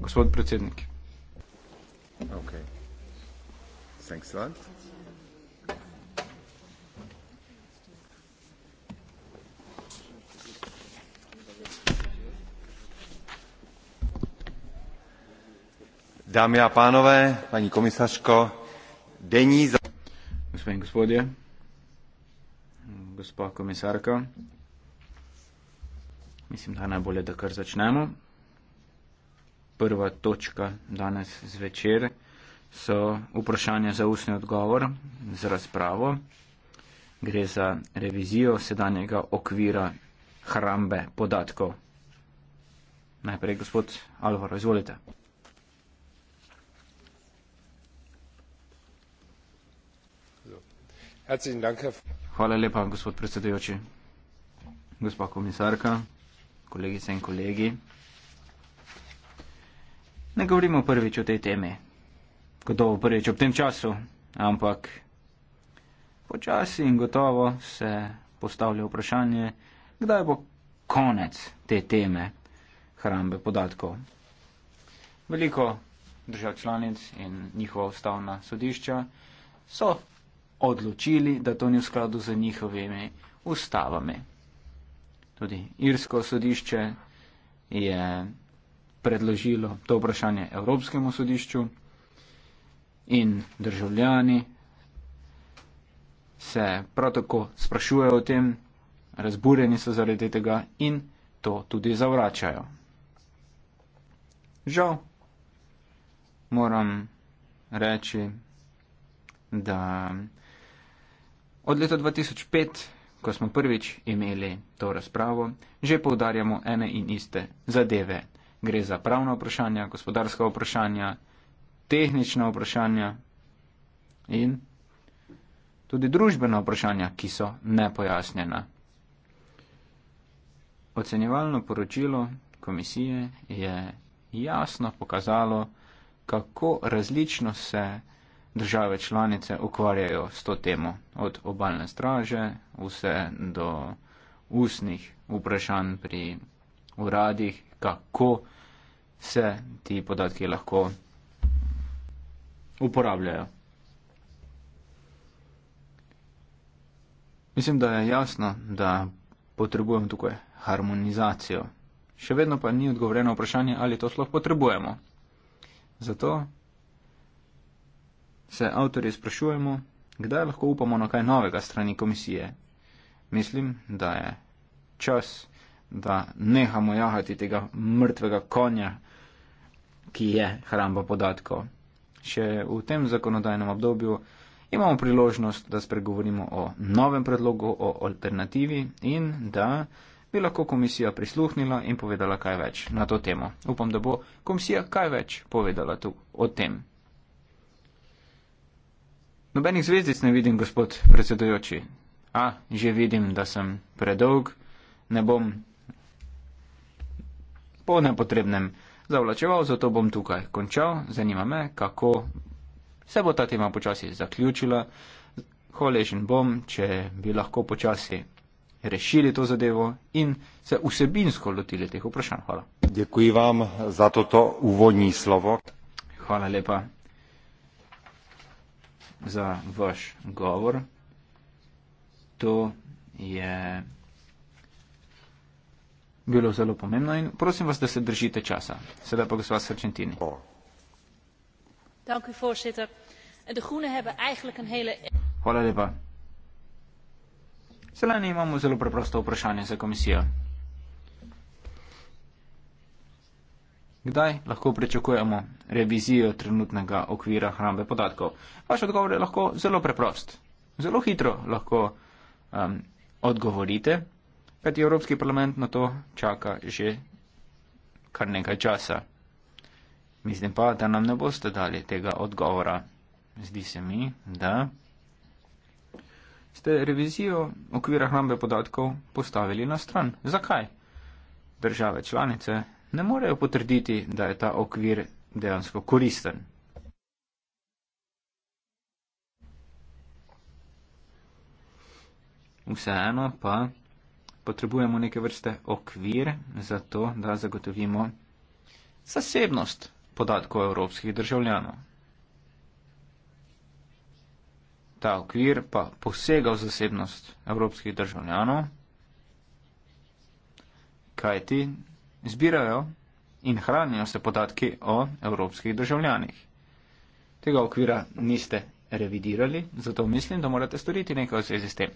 Gospod predsednik. Okay. Thanks a lot. Dámy a pánové, paní komisařko, denní za... Gospodě, gospod komisárka, Mislim, da je najbolje, da kar začnemo. Prva točka danes zvečer so vprašanja za usni odgovor z razpravo. Gre za revizijo sedanjega okvira hrambe podatkov. Najprej gospod Alvar, izvolite. Hvala lepa, gospod predsedujoči. Gospa komisarka, kolegice in kolegi. Ne govorimo prvič o tej temi, gotovo prvič ob tem času, ampak počasi in gotovo se postavlja vprašanje, kdaj bo konec te teme hrambe podatkov. Veliko držav članic in njihova ustavna sodišča so odločili, da to ni v skladu z njihovimi ustavami. Tudi Irsko sodišče je predložilo to vprašanje Evropskemu sodišču in državljani se prav tako sprašujejo o tem, razburjeni so zaradi tega in to tudi zavračajo. Žal moram reči, da od leta 2005 ko smo prvič imeli to razpravo, že povdarjamo ene in iste zadeve. Gre za pravna vprašanja, gospodarska vprašanja, tehnična vprašanja in tudi družbena vprašanja, ki so nepojasnjena. Ocenjevalno poročilo komisije je jasno pokazalo, kako različno se države članice ukvarjajo s to temo, od obalne straže vse do usnih vprašanj pri uradih, kako se ti podatki lahko uporabljajo. Mislim, da je jasno, da potrebujemo tukaj harmonizacijo. Še vedno pa ni odgovoreno vprašanje, ali to sploh potrebujemo. Zato se avtorje sprašujemo, kdaj lahko upamo na kaj novega strani komisije. Mislim, da je čas, da nehamo jahati tega mrtvega konja, ki je hramba podatkov. Še v tem zakonodajnem obdobju imamo priložnost, da spregovorimo o novem predlogu, o alternativi in da bi lahko komisija prisluhnila in povedala kaj več na to temo. Upam, da bo komisija kaj več povedala tu o tem. Nobenih zvezdic ne vidim, gospod predsedujoči. A, že vidim, da sem predolg, ne bom po nepotrebnem zavlačeval, zato bom tukaj končal. Zanima me, kako se bo ta tema počasi zaključila. Hvaležen bom, če bi lahko počasi rešili to zadevo in se vsebinsko lotili teh vprašanj. Hvala. Hvala lepa za vaš govor. To je bilo zelo pomembno in prosim vas, da se držite časa. Sedaj pa gospod Srčentini. Oh. Hvala lepa. Sedaj imamo zelo preprosto vprašanje za komisijo. Kdaj lahko pričakujemo revizijo trenutnega okvira hrambe podatkov? Vaš odgovor je lahko zelo preprost. Zelo hitro lahko um, odgovorite, kajti Evropski parlament na to čaka že kar nekaj časa. Mislim pa, da nam ne boste dali tega odgovora. Zdi se mi, da ste revizijo okvira hrambe podatkov postavili na stran. Zakaj? Države članice ne morejo potrditi, da je ta okvir dejansko koristen. Vseeno pa potrebujemo neke vrste okvir za to, da zagotovimo zasebnost podatkov evropskih državljanov. Ta okvir pa posega v zasebnost evropskih državljanov, kajti zbirajo in hranijo se podatki o evropskih državljanih. Tega okvira niste revidirali, zato mislim, da morate storiti nekaj v zvezi s tem.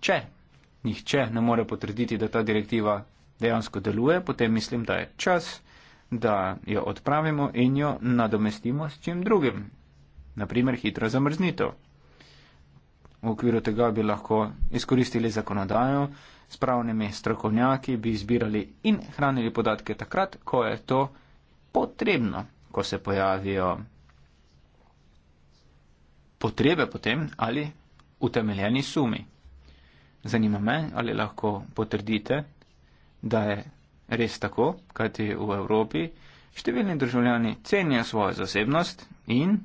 Če nihče ne more potrditi, da ta direktiva dejansko deluje, potem mislim, da je čas, da jo odpravimo in jo nadomestimo s čim drugim. Naprimer, hitro zamrznitev. V okviru tega bi lahko izkoristili zakonodajo, s pravnimi strokovnjaki bi zbirali in hranili podatke takrat, ko je to potrebno, ko se pojavijo potrebe potem ali utemeljeni sumi. Zanima me, ali lahko potrdite, da je res tako, kajti v Evropi številni državljani cenijo svojo zasebnost in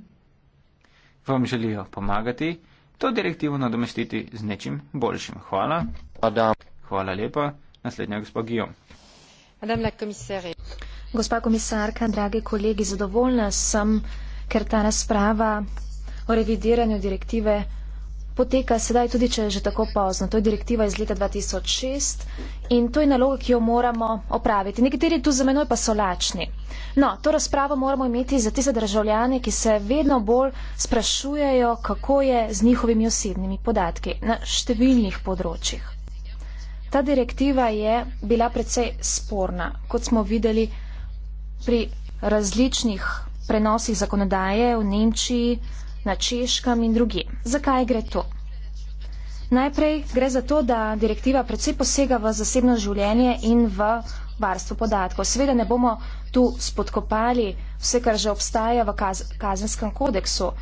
vam želijo pomagati to direktivo nadomestiti z nečim boljšim. Hvala. Hvala lepa. Naslednja gospa Gijo. Gospa komisarka, dragi kolegi, zadovoljna sem, ker ta razprava o revidiranju direktive poteka sedaj, tudi če je že tako pozno. To je direktiva iz leta 2006 in to je naloga, ki jo moramo opraviti. Nekateri tu za menoj pa so lačni. No, to razpravo moramo imeti za tiste državljane, ki se vedno bolj sprašujejo, kako je z njihovimi osebnimi podatki na številnih področjih. Ta direktiva je bila precej sporna, kot smo videli pri različnih prenosih zakonodaje v Nemčiji, na Češkem in drugi. Zakaj gre to? Najprej gre za to, da direktiva predvsej posega v zasebno življenje in v varstvo podatkov. Seveda ne bomo tu spodkopali vse, kar že obstaja v kaz kazenskem kodeksu.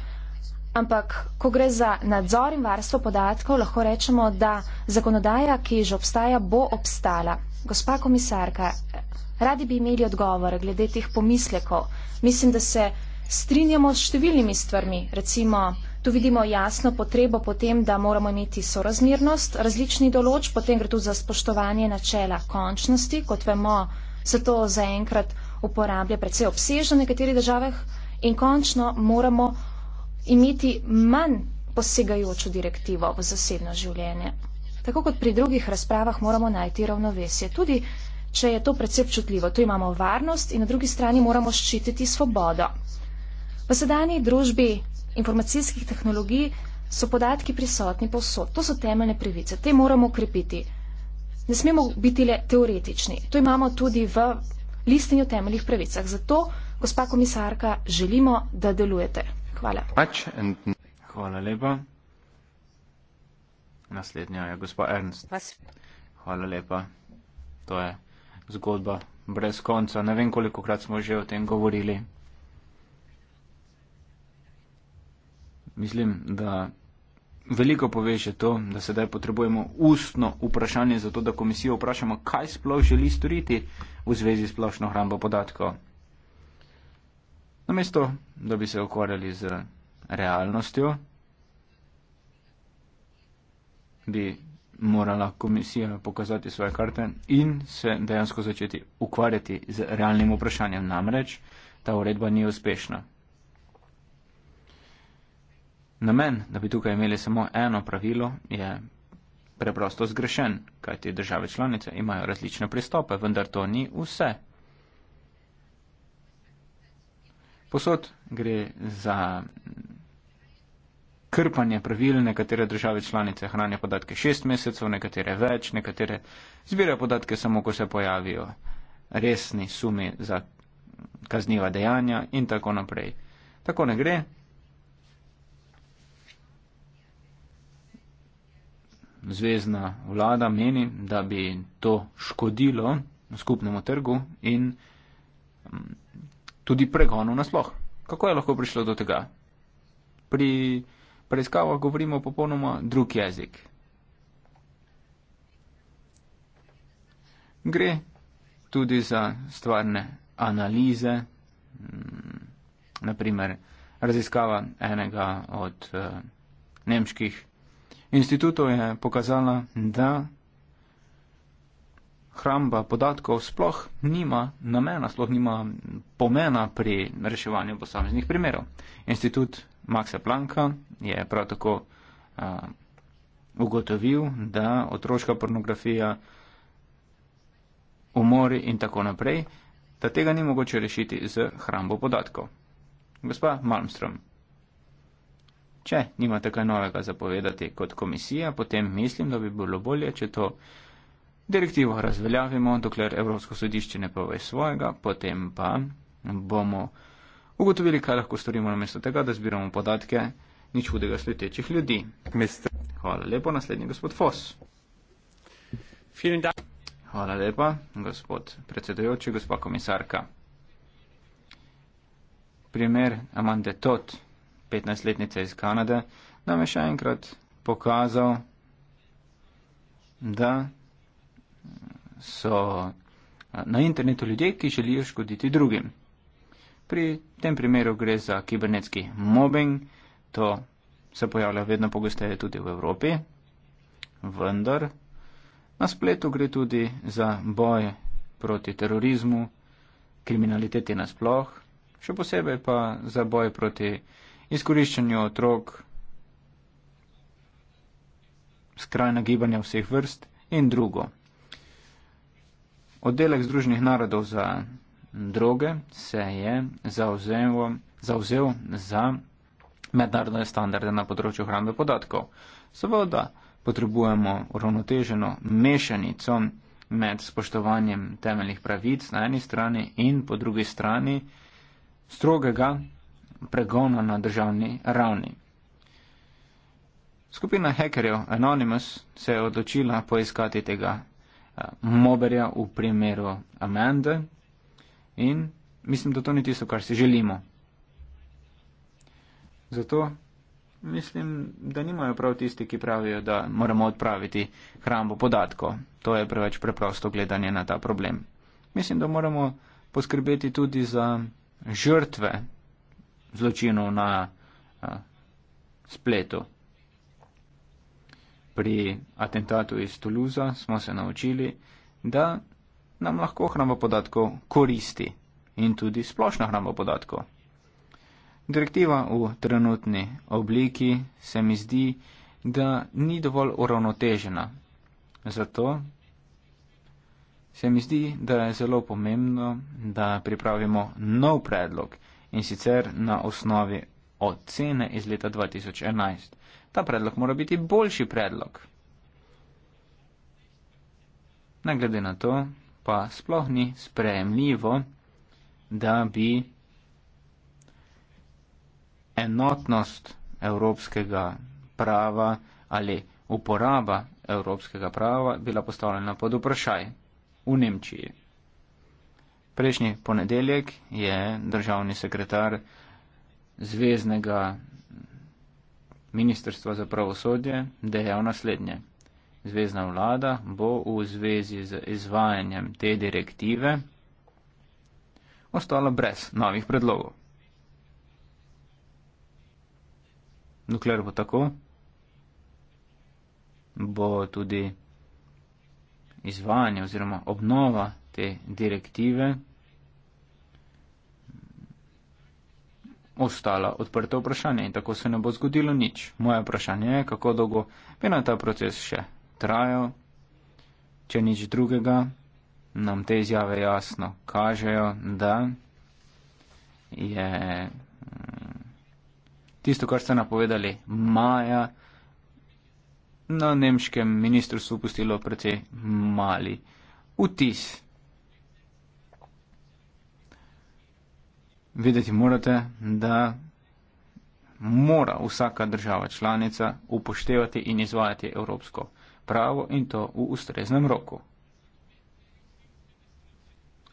Ampak, ko gre za nadzor in varstvo podatkov, lahko rečemo, da zakonodaja, ki že obstaja, bo obstala. Gospa komisarka, radi bi imeli odgovor glede teh pomislekov. Mislim, da se strinjamo s številnimi stvarmi. Recimo, tu vidimo jasno potrebo potem, da moramo imeti sorazmernost različnih določ, potem gre tudi za spoštovanje načela končnosti. Kot vemo, se to zaenkrat uporablja predvsej obsežno v nekaterih državah in končno moramo imeti manj posegajočo direktivo v zasebno življenje. Tako kot pri drugih razpravah moramo najti ravnovesje. Tudi, če je to predvsej občutljivo, tu imamo varnost in na drugi strani moramo ščititi svobodo. V sedanji družbi informacijskih tehnologij so podatki prisotni povsod. To so temeljne privice. Te moramo ukrepiti. Ne smemo biti le teoretični. To imamo tudi v listinju temeljnih pravicah. Zato, gospa komisarka, želimo, da delujete. Hvala. Pač Hvala lepa. Naslednja je gospa Ernst. Vas. Hvala lepa. To je zgodba brez konca. Ne vem, koliko krat smo že o tem govorili. Mislim, da veliko poveže to, da sedaj potrebujemo ustno vprašanje za to, da komisijo vprašamo, kaj sploh želi storiti v zvezi s splošno hrambo podatkov. Namesto, da bi se ukvarjali z realnostjo, bi morala komisija pokazati svoje karte in se dejansko začeti ukvarjati z realnim vprašanjem. Namreč ta uredba ni uspešna. Namen, da bi tukaj imeli samo eno pravilo, je preprosto zgrešen, kajti države članice imajo različne pristope, vendar to ni vse. Posod gre za krpanje pravil, nekatere države članice hranijo podatke šest mesecev, nekatere več, nekatere zbirajo podatke samo, ko se pojavijo resni sumi za kazniva dejanja in tako naprej. Tako ne gre. Zvezdna vlada meni, da bi to škodilo skupnemu trgu in mm, tudi pregonu nasploh. Kako je lahko prišlo do tega? Pri preiskavah govorimo popolnoma drug jezik. Gre tudi za stvarne analize, mm, naprimer raziskava enega od eh, nemških institutov je pokazala, da hramba podatkov sploh nima namena, sploh nima pomena pri reševanju posameznih primerov. Institut Maxa Planka je prav tako uh, ugotovil, da otroška pornografija, umori in tako naprej, da tega ni mogoče rešiti z hrambo podatkov. Gospa Malmström, če nimate kaj novega zapovedati kot komisija, potem mislim, da bi bilo bolje, če to. Direktivo razveljavimo, dokler Evropsko sodišče ne pove svojega, potem pa bomo ugotovili, kaj lahko storimo namesto tega, da zbiramo podatke nič hudega sletečih ljudi. Mister. Hvala lepo, naslednji gospod Fos. Hvala lepa, gospod predsedujoči, gospa komisarka. Primer Amande Tot, 15-letnica iz Kanade, nam je še enkrat pokazal, da so eh, na internetu ljudje, ki želijo škoditi drugim. Pri tem primeru gre za kibernetski mobbing, to se pojavlja vedno pogosteje tudi v Evropi, vendar na spletu gre tudi za boj proti terorizmu, kriminaliteti nasploh, še posebej pa za boj proti izkoriščanju otrok, skrajna gibanja vseh vrst in drugo. Oddelek Združenih narodov za droge se je zauzel, zauzel za mednarodne standarde na področju hrambe podatkov. Seveda potrebujemo uravnoteženo mešanico med spoštovanjem temeljnih pravic na eni strani in po drugi strani strogega pregona na državni ravni. Skupina hekerjev Anonymous se je odločila poiskati tega Moberja v primeru Amende in mislim, da to ni tisto, kar si želimo. Zato mislim, da nimajo prav tisti, ki pravijo, da moramo odpraviti hrambo podatkov. To je preveč preprosto gledanje na ta problem. Mislim, da moramo poskrbeti tudi za žrtve zločinov na a, spletu pri atentatu iz Toulouse smo se naučili, da nam lahko hrama podatkov koristi in tudi splošna hrama podatkov. Direktiva v trenutni obliki se mi zdi, da ni dovolj uravnotežena. Zato se mi zdi, da je zelo pomembno, da pripravimo nov predlog in sicer na osnovi ocene iz leta 2011. Ta predlog mora biti boljši predlog. Na glede na to pa sploh ni sprejemljivo, da bi enotnost evropskega prava ali uporaba evropskega prava bila postavljena pod vprašaj v Nemčiji. Prejšnji ponedeljek je državni sekretar zvezdnega Ministrstvo za pravosodje dejal naslednje. Zvezna vlada bo v zvezi z izvajanjem te direktive ostala brez novih predlogov. Dokler bo tako, bo tudi izvajanje oziroma obnova te direktive ostala odprta vprašanja in tako se ne bo zgodilo nič. Moje vprašanje je, kako dolgo bi na ta proces še trajal, če nič drugega, nam te izjave jasno kažejo, da je mm, tisto, kar ste napovedali maja, na nemškem ministrstvu pustilo precej mali vtis. vedeti morate, da mora vsaka država članica upoštevati in izvajati evropsko pravo in to v ustreznem roku.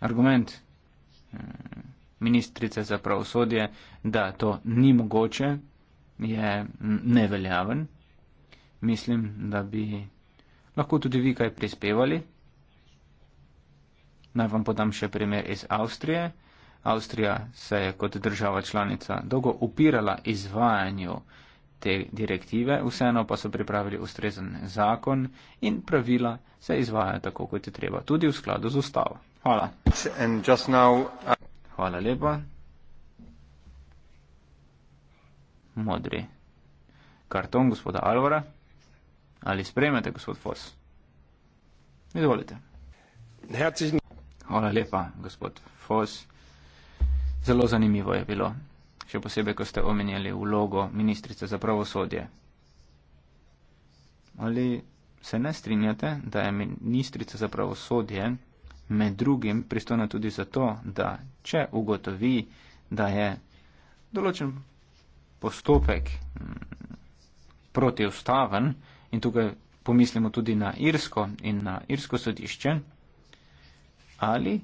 Argument eh, ministrice za pravosodje, da to ni mogoče, je mm, neveljaven. Mislim, da bi lahko tudi vi kaj prispevali. Naj vam podam še primer iz Avstrije. Avstrija se je kot država članica dolgo upirala izvajanju te direktive, vseeno pa so pripravili ustrezen zakon in pravila se izvajajo tako, kot je treba, tudi v skladu z ustavo. Hvala. Uh, Hvala lepa. Modri karton gospoda Alvara. Ali sprejmete, gospod Fos? Izvolite. Hvala lepa, gospod Fos. Zelo zanimivo je bilo, še posebej, ko ste omenjali vlogo ministrice za pravosodje. Ali se ne strinjate, da je ministrica za pravosodje med drugim pristojna tudi zato, da če ugotovi, da je določen postopek mm, protivstaven in tukaj pomislimo tudi na Irsko in na Irsko sodišče, ali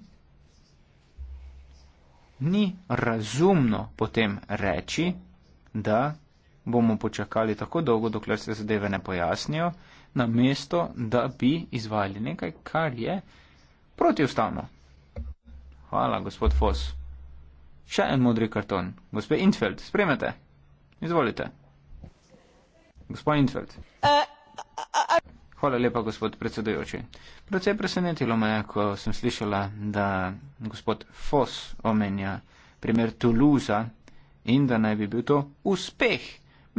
ni razumno potem reči, da bomo počakali tako dolgo, dokler se zadeve ne pojasnijo, na mesto, da bi izvajali nekaj, kar je protivstavno. Hvala, gospod Fos. Še en modri karton. Gospe Infeld, spremete. Izvolite. Gospod Infeld. Uh, eh, uh, uh. Hvala lepa, gospod predsedujoči. Precej presenetilo me je, ko sem slišala, da gospod Foss omenja primer Toulouse in da naj bi bil to uspeh.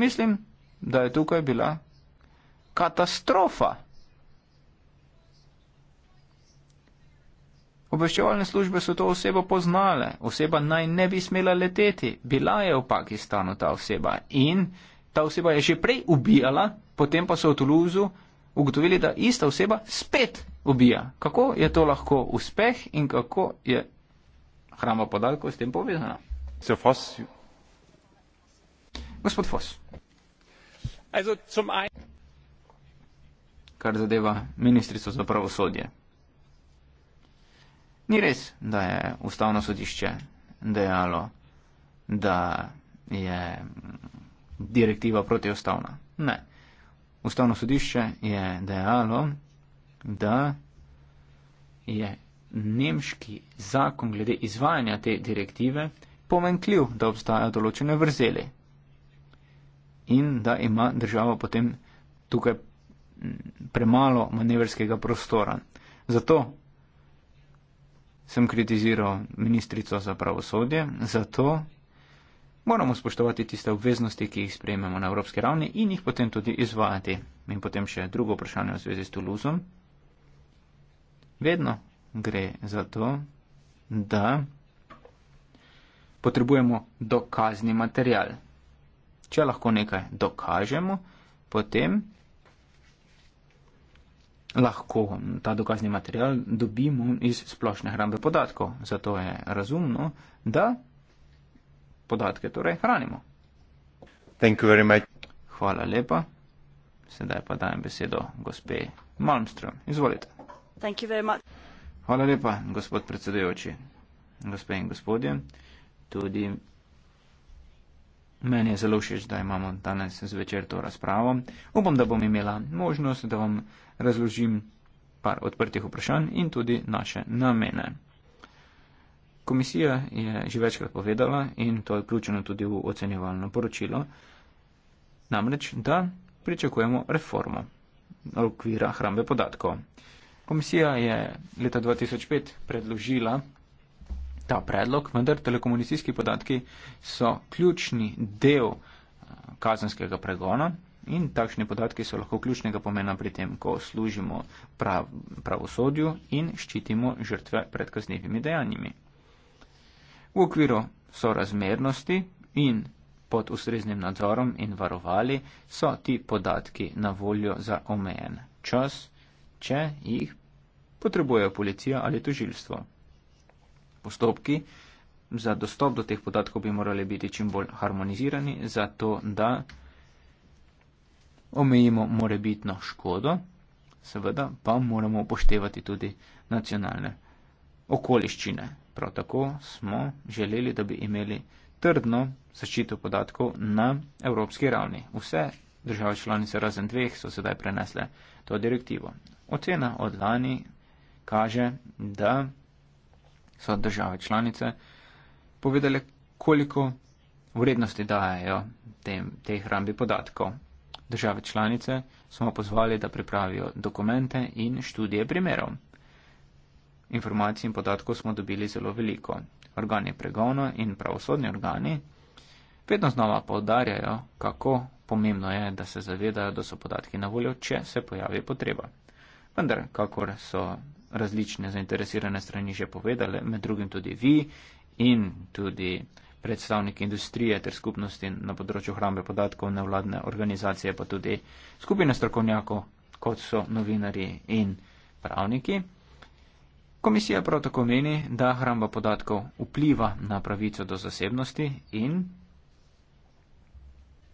Mislim, da je tukaj bila katastrofa. Obveščevalne službe so to osebo poznale, oseba naj ne bi smela leteti, bila je v Pakistanu ta oseba in ta oseba je že prej ubijala, potem pa so v Toulouse ugotovili, da ista oseba spet ubija. Kako je to lahko uspeh in kako je hrama podatkov s tem povezana? So Foss. Gospod Foss. Also, ein... Kar zadeva ministrico za pravosodje. Ni res, da je ustavno sodišče dejalo, da je direktiva protiustavna. Ne. Ustavno sodišče je dejalo, da je nemški zakon glede izvajanja te direktive pomenkljiv, da obstajajo določene vrzeli in da ima država potem tukaj mm, premalo manevrskega prostora. Zato sem kritiziral ministrico za pravosodje, zato moramo spoštovati tiste obveznosti, ki jih sprejmemo na evropski ravni in jih potem tudi izvajati. In potem še drugo vprašanje v zvezi s Toulouseom. Vedno gre za to, da potrebujemo dokazni material. Če lahko nekaj dokažemo, potem lahko ta dokazni material dobimo iz splošne hrambe podatkov. Zato je razumno, da podatke torej hranimo. Hvala lepa. Sedaj pa dajem besedo gospe Malmström. Izvolite. Hvala lepa, gospod predsedujoči, gospe in gospodje. Tudi meni je zelo všeč, da imamo danes zvečer to razpravo. Upam, da bom imela možnost, da vam razložim par odprtih vprašanj in tudi naše namene. Komisija je že večkrat povedala in to je vključeno tudi v ocenjevalno poročilo, namreč, da pričakujemo reformo okvira hrambe podatkov. Komisija je leta 2005 predložila ta predlog, vendar telekomunikacijski podatki so ključni del eh, kazenskega pregona in takšni podatki so lahko ključnega pomena pri tem, ko služimo prav, pravosodju in ščitimo žrtve pred kaznivimi dejanjami v okviru sorazmernosti in pod ustreznim nadzorom in varovali so ti podatki na voljo za omejen čas, če jih potrebujejo policija ali tožilstvo. Postopki za dostop do teh podatkov bi morali biti čim bolj harmonizirani, zato da omejimo morebitno škodo, seveda pa moramo upoštevati tudi nacionalne okoliščine. Prav tako smo želeli, da bi imeli trdno zaščito podatkov na evropski ravni. Vse države članice razen dveh so sedaj prenesle to direktivo. Ocena od lani kaže, da so države članice povedali, koliko vrednosti dajajo tem, tej hrambi podatkov. Države članice smo pozvali, da pripravijo dokumente in študije primerov informacij in podatkov smo dobili zelo veliko. Organi pregovna in pravosodni organi vedno znova povdarjajo, kako pomembno je, da se zavedajo, da so podatki na voljo, če se pojavi potreba. Vendar, kakor so različne zainteresirane strani že povedale, med drugim tudi vi in tudi predstavniki industrije ter skupnosti na področju hrambe podatkov, nevladne organizacije, pa tudi skupine strokovnjakov, kot so novinari in pravniki. Komisija prav tako meni, da hramba podatkov vpliva na pravico do zasebnosti in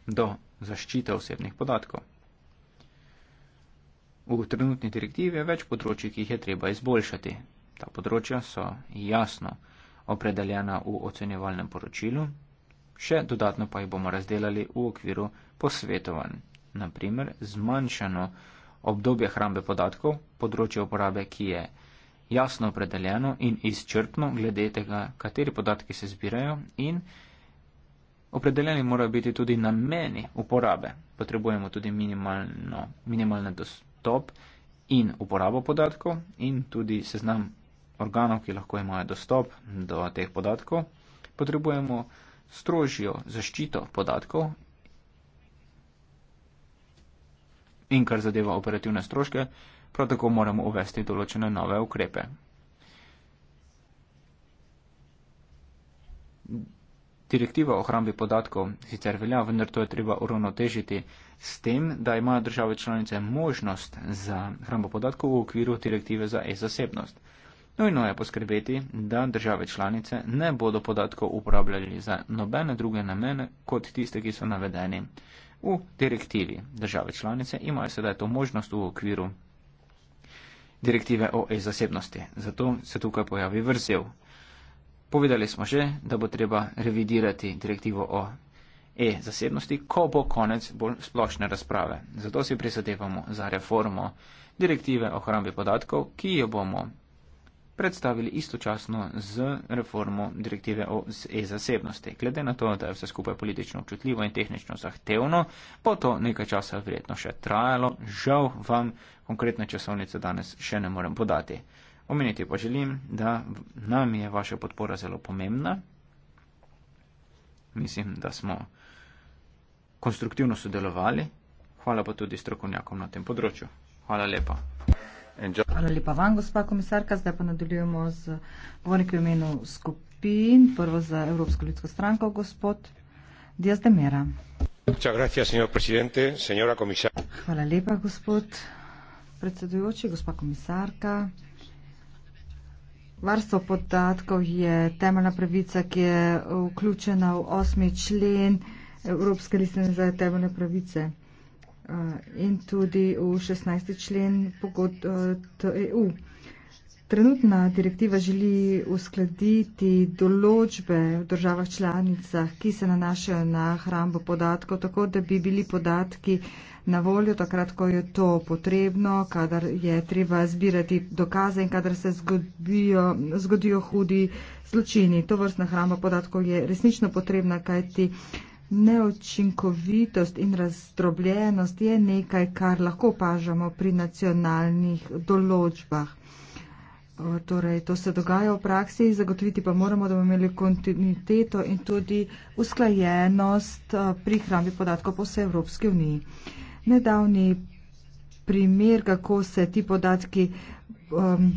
do zaščite osebnih podatkov. V trenutni direktivi je več področji, ki jih je treba izboljšati. Ta področja so jasno opredeljena v ocenjevalnem poročilu, še dodatno pa jih bomo razdelali v okviru posvetovanj. Naprimer, zmanjšano obdobje hrambe podatkov, področje uporabe, ki je jasno opredeljeno in izčrpno glede tega, kateri podatki se zbirajo in opredeljeni morajo biti tudi nameni uporabe. Potrebujemo tudi minimalni dostop in uporabo podatkov in tudi seznam organov, ki lahko imajo dostop do teh podatkov. Potrebujemo strožjo zaščito podatkov in kar zadeva operativne stroške, prav tako moramo uvesti določene nove ukrepe. Direktiva o hrambi podatkov sicer velja, vendar to je treba uravnotežiti s tem, da imajo države članice možnost za hrambo podatkov v okviru direktive za e-zasebnost. Nojno je poskrbeti, da države članice ne bodo podatkov uporabljali za nobene druge namene kot tiste, ki so navedeni v direktivi. Države članice imajo sedaj to možnost v okviru direktive o e-zasebnosti. Zato se tukaj pojavi vrzel. Povedali smo že, da bo treba revidirati direktivo o e-zasebnosti, ko bo konec bolj splošne razprave. Zato si prisadevamo za reformo direktive o hrambi podatkov, ki jo bomo predstavili istočasno z reformo direktive o e-zasebnosti. Glede na to, da je vse skupaj politično občutljivo in tehnično zahtevno, bo to nekaj časa verjetno še trajalo. Žal vam konkretne časovnice danes še ne morem podati. Omeniti pa želim, da nam je vaša podpora zelo pomembna. Mislim, da smo konstruktivno sodelovali. Hvala pa tudi strokovnjakom na tem področju. Hvala lepa. Hvala lepa vam, gospa komisarka. Zdaj pa nadaljujemo z govorniki v imenu skupin. Prvo za Evropsko ljudsko stranko, gospod Diaz de Mera. Hvala lepa, gospod predsedujoči, gospa komisarka. Varstvo podatkov je temeljna pravica, ki je vključena v osmi člen Evropske listine za temeljne pravice. Eh, in tudi v 16. člen EU. Eh, e Trenutna direktiva želi uskladiti določbe v državah članicah, ki se nanašajo na hrambo podatkov, tako da bi bili podatki na voljo takrat, ko je to potrebno, kadar je treba zbirati dokaze in kadar se zgodijo, zgodijo hudi zločini. To vrstna hrambo podatkov je resnično potrebna, kajti. Uh, Neočinkovitost in razdrobljenost je nekaj, kar lahko opažamo pri nacionalnih določbah. Torej, to se dogaja v praksi, zagotoviti pa moramo, da bomo imeli kontinuiteto in tudi usklajenost pri hrambi podatkov po vsej Evropski uniji. Nedavni primer, kako se ti podatki um,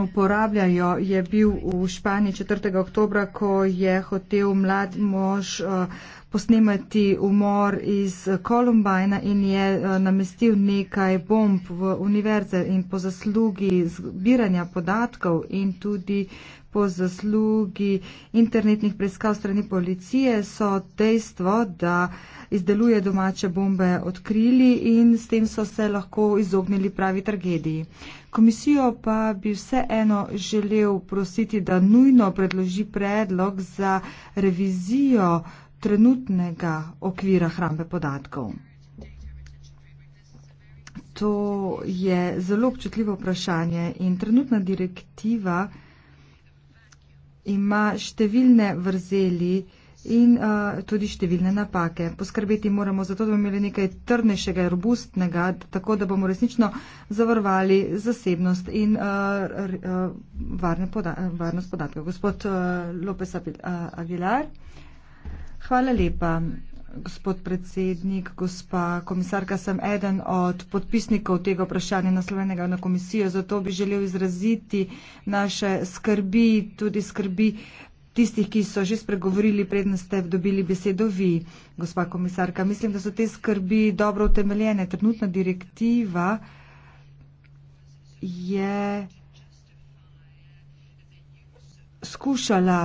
uporabljajo, je bil v Španiji 4. oktobra, ko je hotel mlad mož uh, posnemati umor iz Kolumbajna in je eh, namestil nekaj bomb v univerze in po zaslugi zbiranja podatkov in tudi po zaslugi internetnih preiskav strani policije so dejstvo, da izdeluje domače bombe odkrili in s tem so se lahko izognili pravi tragediji. Komisijo pa bi vseeno želel prositi, da nujno predloži predlog za revizijo trenutnega okvira hrambe podatkov? To je zelo občutljivo vprašanje in trenutna direktiva ima številne vrzeli in uh, tudi številne napake. Poskrbeti moramo za to, da bomo imeli nekaj trdnejšega, robustnega, tako da bomo resnično zavarvali zasebnost in uh, uh, varne poda varnost podatkov. Gospod uh, Lopes Aguilar. Avil Hvala lepa, gospod predsednik, gospa komisarka. Sem eden od podpisnikov tega vprašanja naslovenega na komisijo, zato bi želel izraziti naše skrbi, tudi skrbi tistih, ki so že spregovorili, preden ste dobili besedo vi, gospa komisarka. Mislim, da so te skrbi dobro utemeljene. Trenutna direktiva je skušala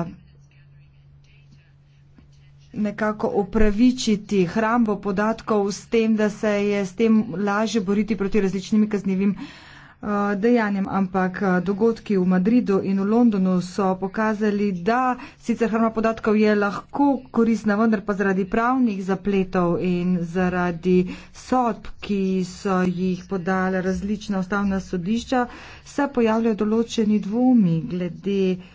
nekako opravičiti hrambo podatkov s tem, da se je s tem lažje boriti proti različnim kaznjivim eh, dejanjem, ampak eh, dogodki v Madridu in v Londonu so pokazali, da sicer hrama podatkov je lahko korisna, vendar pa zaradi pravnih zapletov in zaradi sodb, ki so jih podale različna ustavna sodišča, se pojavljajo določeni dvomi glede uh,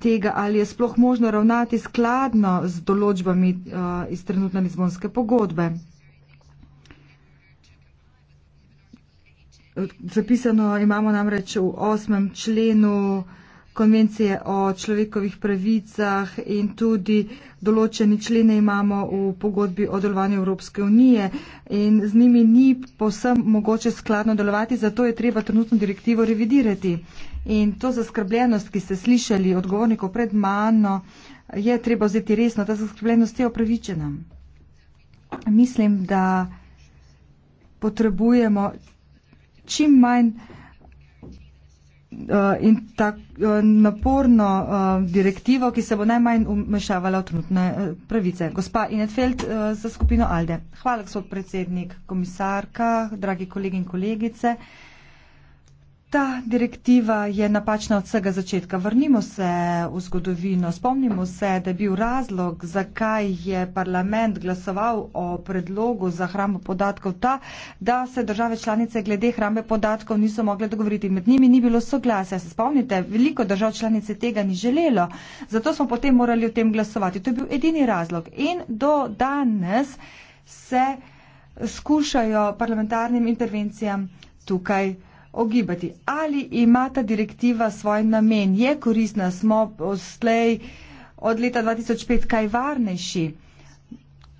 tega, ali je sploh možno ravnati skladno z določbami eh, iz trenutne Lizbonske pogodbe. Eh, zapisano imamo namreč v osmem členu konvencije o človekovih pravicah in tudi določene člene imamo v pogodbi o delovanju Evropske unije in z njimi ni posem mogoče skladno delovati, zato je treba trenutno direktivo revidirati. In to zaskrbljenost, ki ste slišali odgovornikov pred mano, je treba vzeti resno, ta zaskrbljenost je opravičena. Mislim, da potrebujemo čim manj Eh, in ta eh, naporno eh, direktivo, ki se bo najmanj umešavala v trenutne pravice. Gospa Inetfeld za skupino Alde. Hvala, gospod predsednik, komisarka, dragi kolegi in kolegice. Ta direktiva je napačna od vsega začetka. Vrnimo se v zgodovino. Spomnimo se, da je bil razlog, zakaj je parlament glasoval o predlogu za hrambo podatkov ta, da se države članice glede hrambe podatkov niso mogle dogovoriti. Med njimi ni bilo soglasja. Se spomnite, veliko držav članice tega ni želelo. Zato smo potem morali o tem glasovati. To je bil edini razlog. In do danes se skušajo parlamentarnim intervencijam tukaj ogibati, ali ima ta direktiva svoj namen, je korisna, smo oslej od leta 2005 kaj varnejši.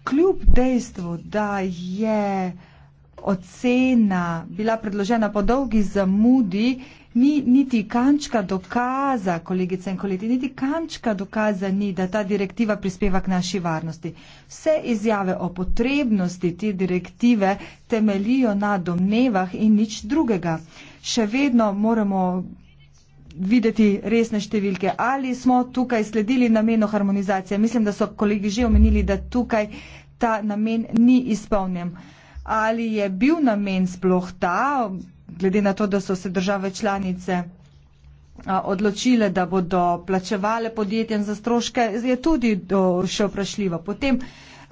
Kljub dejstvu, da je ocena bila predložena po dolgi zamudi, ni niti kančka dokaza, kolegice in kolegi, niti kančka dokaza ni, da ta direktiva prispeva k naši varnosti. Vse izjave o potrebnosti te direktive temelijo na domnevah in nič drugega. Še vedno moramo videti resne številke. Ali smo tukaj sledili namenu harmonizacije? Mislim, da so kolegi že omenili, da tukaj ta namen ni izpolnjen. Ali je bil namen sploh ta, glede na to, da so se države članice odločile, da bodo plačevale podjetjem za stroške, je tudi še vprašljivo. Potem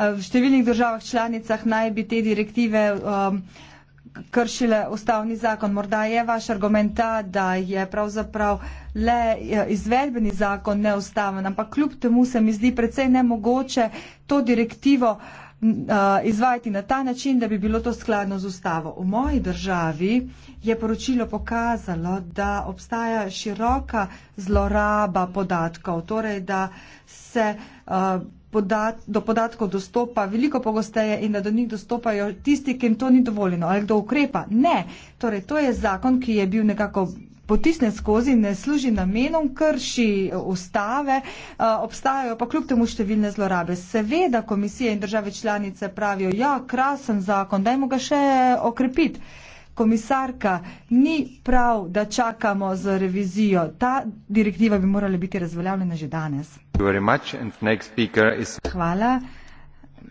v številnih državah članicah naj bi te direktive kršile ustavni zakon. Morda je vaš argument ta, da je pravzaprav le e, izvedbeni zakon neustaven, ampak kljub temu se mi zdi predvsej nemogoče to direktivo uh, Eh, izvajati na ta način, da bi bilo to skladno z ustavo. V moji državi je poročilo pokazalo, da obstaja široka zloraba podatkov, torej da se uh, podat, do podatkov dostopa veliko pogosteje in da do njih dostopajo tisti, ki jim to ni dovoljeno. Ali kdo ukrepa? Ne. Torej, to je zakon, ki je bil nekako potisne skozi, ne služi namenom, krši eh, ustave, eh, obstajajo pa kljub temu številne zlorabe. Seveda komisije in države članice pravijo, ja, krasen zakon, dajmo ga še okrepiti. Komisarka, ni prav, da čakamo z revizijo. Ta direktiva bi morala biti razveljavljena že danes. Hvala.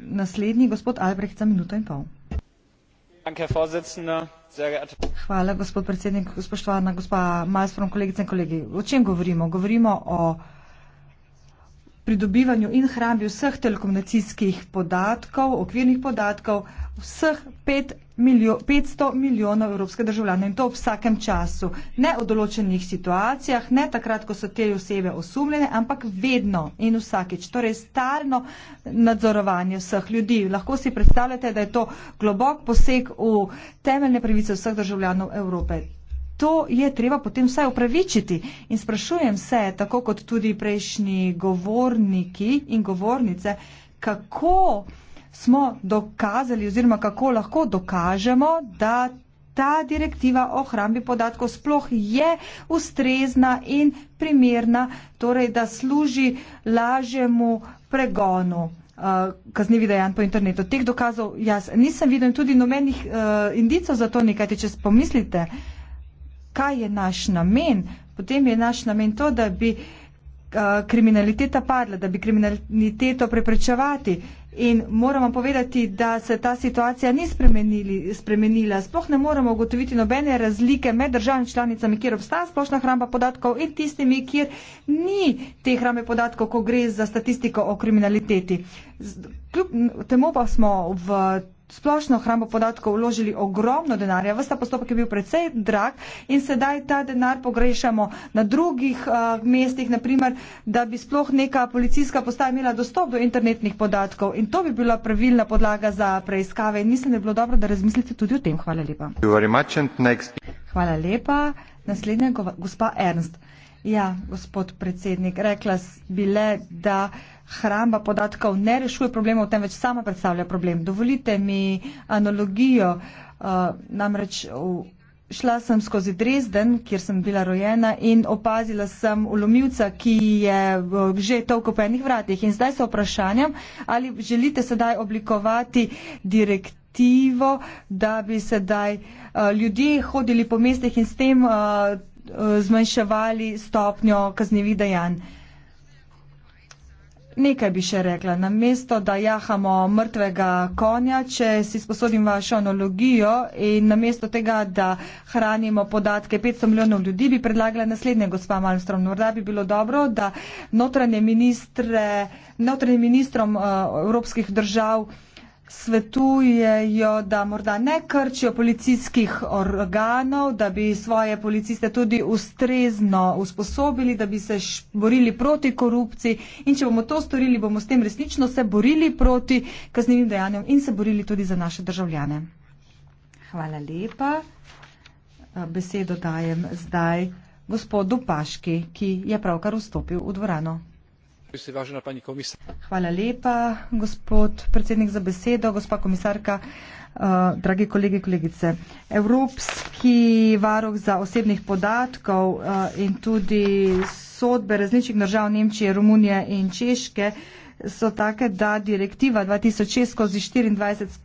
Naslednji gospod Albrecht za minuto in pol. Danke, Frau Präsidentin. Hvala, gospod predsednik. Spoštovana gospa Malmström, kolegice in kolegi. O čem govorimo? Govorimo o pridobivanju in hrambi vseh telekomunikacijskih podatkov, okvirnih podatkov vseh pet milijo, 500 milijonov evropskih državljanov in to v vsakem času. Ne v določenih situacijah, ne takrat, ko so te osebe osumljene, ampak vedno in vsakeč. Torej stalno nadzorovanje vseh ljudi. Lahko si predstavljate, da je to globok poseg v temeljne pravice vseh državljanov Evrope to je treba potem vsaj upravičiti. In sprašujem se, tako kot tudi prejšnji govorniki in govornice, kako smo dokazali oziroma kako lahko dokažemo, da ta direktiva o hrambi podatkov sploh je ustrezna in primerna, torej da služi lažjemu pregonu uh, kaznivi dejanj po internetu. Teh dokazov jaz nisem videl in tudi nomenih uh, indicov za to nekaj, če spomislite, uh, kaj je naš namen, potem je naš namen to, da bi eh, kriminaliteta padla, da bi kriminaliteto preprečevati. In moramo povedati, da se ta situacija ni spremenila. Sploh ne moremo ugotoviti nobene razlike med državnimi članicami, kjer obstaja splošna hramba podatkov in tistimi, kjer ni te hrame podatkov, ko gre za statistiko o kriminaliteti. Kljub temu pa smo v splošno hrambo podatkov vložili ogromno denarja, vsta postopek je bil precej drag in sedaj ta denar pogrešamo na drugih uh, mestih, naprimer, da bi sploh neka policijska postaja imela dostop do internetnih podatkov in to bi bila pravilna podlaga za preiskave in mislim, da je bilo dobro, da razmislite tudi o tem. Hvala lepa. Hvala lepa. Naslednja gospa Ernst. Ja, gospod predsednik, rekla bi le, da hramba podatkov ne rešuje problemov, temveč sama predstavlja problem. Dovolite mi analogijo. Uh, namreč šla sem skozi Dresden, kjer sem bila rojena in opazila sem ulomilca, ki je že toliko po enih vratih. In zdaj se vprašanjam, ali želite sedaj oblikovati direktivo da bi sedaj uh, ljudje hodili po mestih in s tem uh, Eh, zmanjševali stopnjo kaznjevih dejanj. Nekaj bi še rekla. Na mesto, da jahamo mrtvega konja, če si sposodim vašo analogijo in na mesto tega, da hranimo podatke 500 milijonov ljudi, bi predlagala naslednje, gospa Malmström. Morda bi bilo dobro, da notranje ministre, notranje ministrom uh, evropskih držav. Uh, svetujejo, da morda ne krčijo policijskih organov, da bi svoje policiste tudi ustrezno usposobili, da bi se borili proti korupciji in če bomo to storili, bomo s tem resnično se borili proti kaznjivim dejanjem in se borili tudi za naše državljane. Hvala lepa. Eh, besedo dajem zdaj gospodu Paški, ki je pravkar vstopil v dvorano. Hvala lepa, gospod predsednik, za besedo. Gospa komisarka, eh, dragi kolegi, kolegice. Evropski varuh za osebnih podatkov eh, in tudi sodbe različnih držav Nemčije, Romunije in Češke so take, da direktiva 2006 skozi 24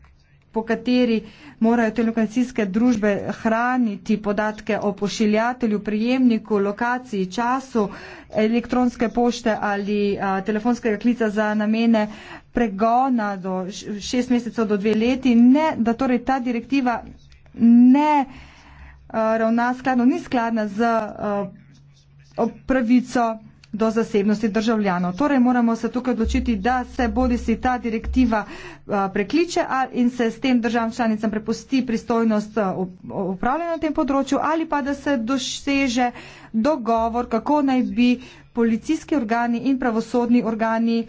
po kateri morajo telekomunikacijske družbe hraniti podatke o pošiljatelju, prijemniku, lokaciji, času, elektronske pošte ali a, telefonskega klica za namene pregona do šest mesecev do dve leti, ne, da torej ta direktiva ne a, ravna skladno, ni skladna z a, pravico do zasebnosti državljanov. Torej moramo se tukaj odločiti, da se bodi si ta direktiva eh, prekliče in se s tem državam članicam prepusti pristojnost eh, upravljanja na tem področju ali pa da se doseže dogovor, kako naj bi policijski organi in pravosodni organi uh,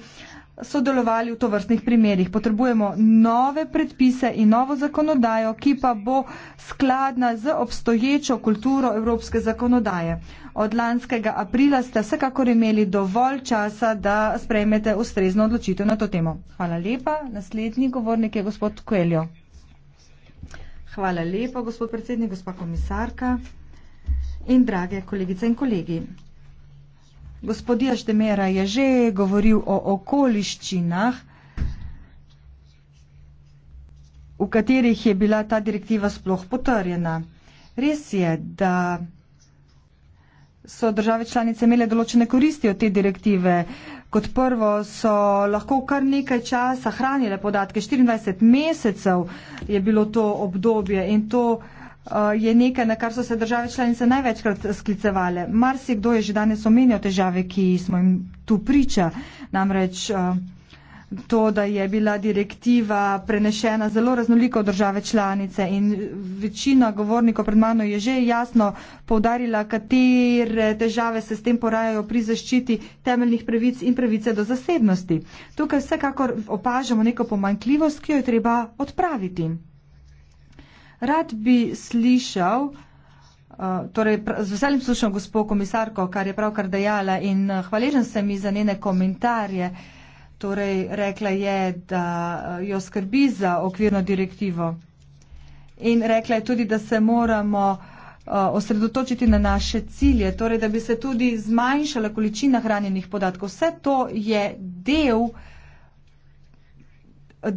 sodelovali v tovrstnih primerjih. Potrebujemo nove predpise in novo zakonodajo, ki pa bo skladna z obstoječo kulturo evropske zakonodaje. Od lanskega aprila ste vsekakor imeli dovolj časa, da sprejmete ustrezno odločitev na to temo. Hvala lepa. Naslednji govornik je gospod Kueljo. Hvala lepa, gospod predsednik, gospa komisarka in drage kolegice in kolegi. Gospodija Štemera je že govoril o okoliščinah, v katerih je bila ta direktiva sploh potrjena. Res je, da so države članice imele določene koristi od te direktive. Kot prvo so lahko kar nekaj časa hranile podatke, 24 mesecev je bilo to obdobje in to Eh, je nekaj, na kar so se države članice največkrat sklicevale. Marsikdo je že danes omenil težave, ki smo jim tu priča. Namreč eh, to, da je bila direktiva prenešena zelo raznoliko države članice in večina govornikov pred mano je že jasno povdarila, katere težave se s tem porajajo pri zaščiti temeljnih pravic in pravice do zasebnosti. Tukaj vsekakor opažamo neko pomankljivost, ki jo je treba odpraviti. Rad bi slišal, eh, torej z veseljem slušam gospod komisarko, kar je pravkar dejala in eh, hvaležen sem ji za njene komentarje. Torej, rekla je, da eh, jo skrbi za okvirno direktivo. In rekla je tudi, da se moramo osredotočiti na naše cilje, torej, da bi se tudi zmanjšala količina hranjenih podatkov. Vse to je del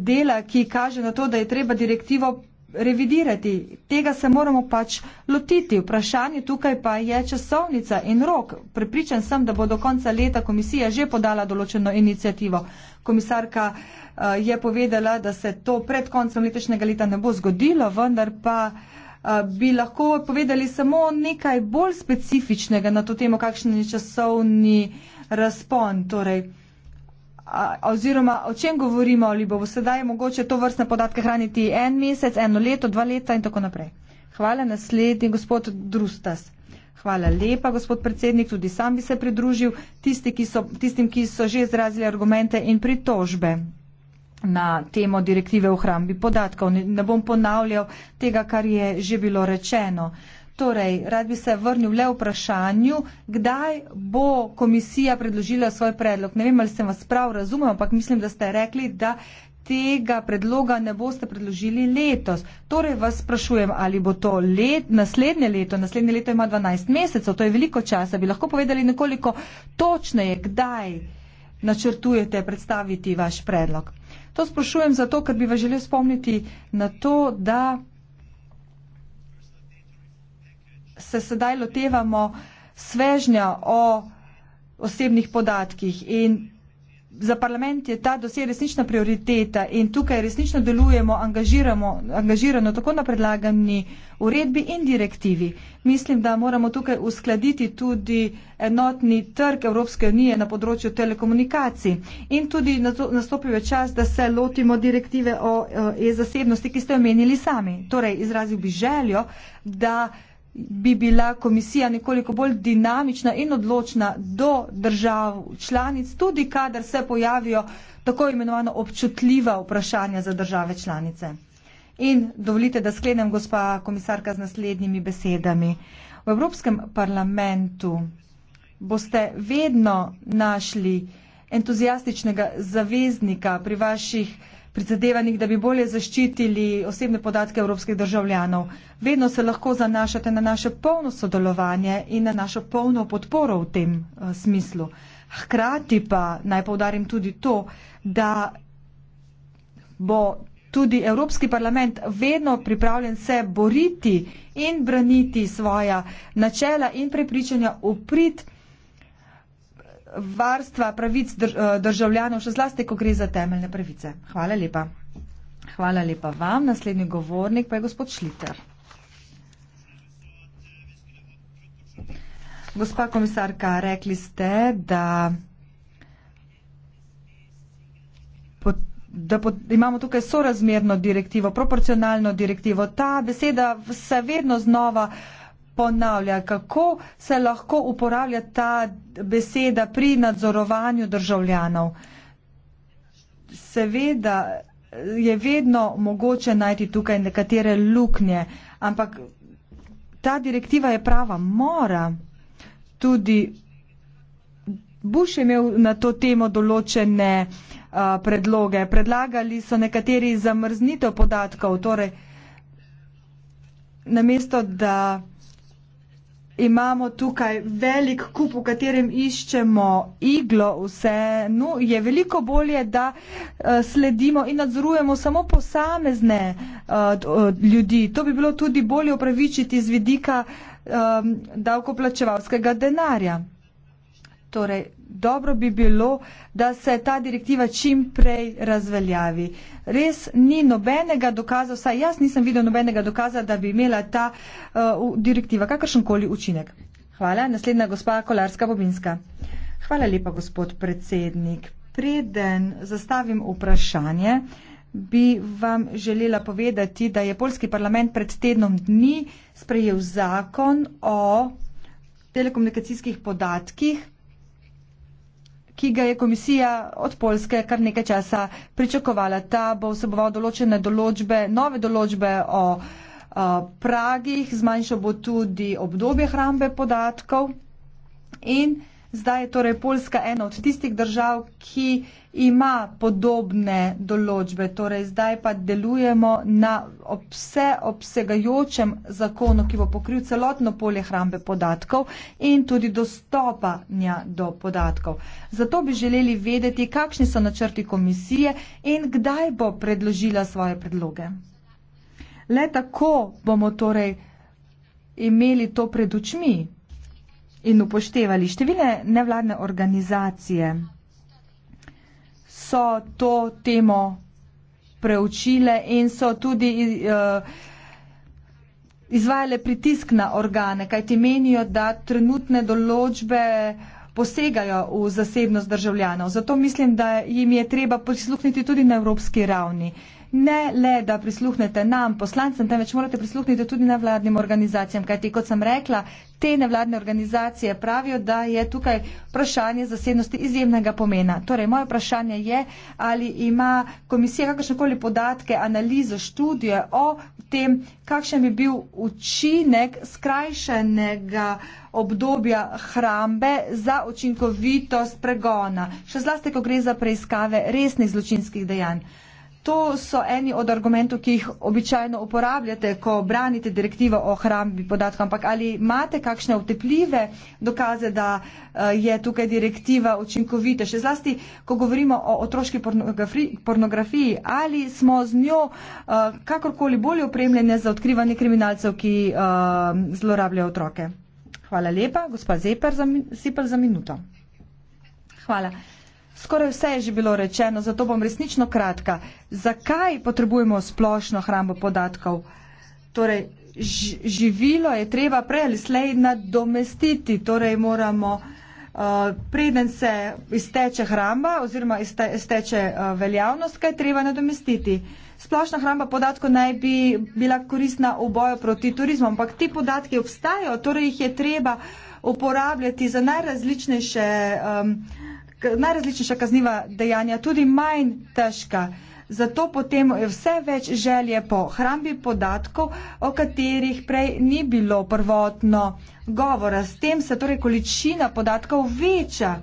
dela, ki kaže na to, da je treba direktivo revidirati, tega se moramo pač lotiti. Vprašanje tukaj pa je časovnica in rok. Pripričan sem, da bo do konca leta komisija že podala določeno inicijativo. Komisarka uh, je povedala, da se to pred koncem letošnjega leta ne bo zgodilo, vendar pa uh, bi lahko povedali samo nekaj bolj specifičnega na to temo, kakšen je časovni razpon. Torej, oziroma o čem govorimo, ali bo sedaj mogoče to vrstne podatke hraniti en mesec, eno leto, dva leta in tako naprej. Hvala, naslednji gospod Drustas. Hvala lepa, gospod predsednik, tudi sam bi se pridružil tisti, ki so, tistim, ki so že izrazili argumente in pritožbe na temo direktive o hrambi podatkov. Ne bom ponavljal tega, kar je že bilo rečeno. Uh, Torej, rad bi se vrnil le vprašanju, kdaj bo komisija predložila svoj predlog. Ne vem, ali sem vas prav razumel, ampak mislim, da ste rekli, da tega predloga ne boste predložili letos. Torej, vas sprašujem, ali bo to let, naslednje leto. Naslednje leto ima 12 mesecev, to je veliko časa. Bi lahko povedali nekoliko točneje, kdaj načrtujete predstaviti vaš predlog. To sprašujem zato, ker bi vas želel spomniti na to, da se sedaj lotevamo svežnja o osebnih podatkih in za parlament je ta dosje resnična prioriteta in tukaj resnično delujemo, angažiramo, angažirano tako na predlagani uredbi in direktivi. Mislim, da moramo tukaj uskladiti tudi enotni trg Evropske unije na področju telekomunikacij in tudi nastopil je čas, da se lotimo direktive o e-zasebnosti, ki ste omenili sami. Torej, izrazil bi željo, da bi bila komisija nekoliko bolj dinamična in odločna do držav članic, tudi kadar se pojavijo tako imenovano občutljiva vprašanja za države članice. In dovolite, da sklenem, gospa komisarka, z naslednjimi besedami. V Evropskem parlamentu boste vedno našli entuzijastičnega zaveznika pri vaših prizadevanjih, da bi bolje zaščitili osebne podatke evropskih državljanov. Vedno se lahko zanašate na naše polno sodelovanje in na našo polno podporo v tem eh, smislu. Hkrati pa naj povdarim tudi to, da bo tudi Evropski parlament vedno pripravljen se boriti in braniti svoja načela in prepričanja uprit varstva pravic eh, državljanov, še zlasti, ko gre za temeljne pravice. Hvala lepa. Hvala lepa vam. Naslednji govornik pa je gospod Šliter. Gospa komisarka, rekli ste, da, da imamo tukaj sorazmerno direktivo, proporcionalno direktivo. Ta beseda se vedno znova uh, ponavlja, kako se lahko uporablja ta beseda pri nadzorovanju državljanov. Seveda je vedno mogoče najti tukaj nekatere luknje, ampak ta direktiva je prava, mora tudi. Bush je imel na to temo določene uh, predloge. Predlagali so nekateri zamrznitev podatkov, torej namesto da imamo tukaj velik kup, v katerem iščemo iglo vse. No, je veliko bolje, da eh, sledimo in nadzorujemo samo posamezne eh, ljudi. To bi bilo tudi bolje upravičiti z vidika eh, davkoplačevalskega denarja. Torej, dobro bi bilo, da se ta direktiva čim prej razveljavi. Res ni nobenega dokaza, vsaj jaz nisem videl nobenega dokaza, da bi imela ta uh, direktiva kakršenkoli učinek. Hvala. Naslednja gospa Kolarska Bobinska. Hvala lepa, gospod predsednik. Preden zastavim vprašanje, bi vam želela povedati, da je polski parlament pred tednom dni sprejel zakon o telekomunikacijskih podatkih, ki ga je komisija od Polske kar nekaj časa pričakovala. Ta bo vseboval določene določbe, nove določbe o a, pragih, zmanjšal bo tudi obdobje hrambe podatkov in Zdaj je torej Poljska ena od tistih držav, ki ima podobne določbe. Torej zdaj pa delujemo na obse, obsegajočem zakonu, ki bo pokril celotno polje hrambe podatkov in tudi dostopanja do podatkov. Zato bi želeli vedeti, kakšni so načrti komisije in kdaj bo predložila svoje predloge. Le tako bomo torej imeli to pred očmi in upoštevali. Številne nevladne organizacije so to temo preučile in so tudi eh, izvajale pritisk na organe, kajti menijo, da trenutne določbe posegajo v zasebnost državljanov. Zato mislim, da jim je treba prisluhniti tudi na evropski ravni ne le, da prisluhnete nam, poslancem, temveč morate prisluhniti tudi nevladnim organizacijam, kajti kot sem rekla, te nevladne organizacije pravijo, da je tukaj vprašanje zasebnosti izjemnega pomena. Torej, moje vprašanje je, ali ima komisija kakršnekoli podatke, analizo, študije o tem, kakšen bi bil učinek skrajšanega obdobja hrambe za učinkovitost pregona, še zlasti, ko gre za preiskave resnih zločinskih dejanj. To so eni od argumentov, ki jih običajno uporabljate, ko branite direktivo o hrambi podatkov, ampak ali imate kakšne otepljive dokaze, da eh, je tukaj direktiva učinkovita? Še zlasti, ko govorimo o otroški pornografiji, ali smo z njo eh, kakorkoli bolje opremljene za odkrivanje kriminalcev, ki eh, zlorabljajo otroke? Hvala lepa, gospod Zepar, za, za minuto. Hvala. Skoraj vse je že bilo rečeno, zato bom resnično kratka. Zakaj potrebujemo splošno hrambo podatkov? Torej, živilo je treba prej ali slej nadomestiti, torej moramo, uh, preden se izteče hramba oziroma izteče uh, veljavnost, kaj treba nadomestiti. Splošna hramba podatkov naj bi bila koristna v boju proti turizmu, ampak ti podatki obstajajo, torej jih je treba uporabljati za najrazličnejše. Um, najrazličnejša kazniva dejanja, tudi manj težka. Zato potem je vse več želje po hrambi podatkov, o katerih prej ni bilo prvotno govora. S tem se torej količina podatkov veča.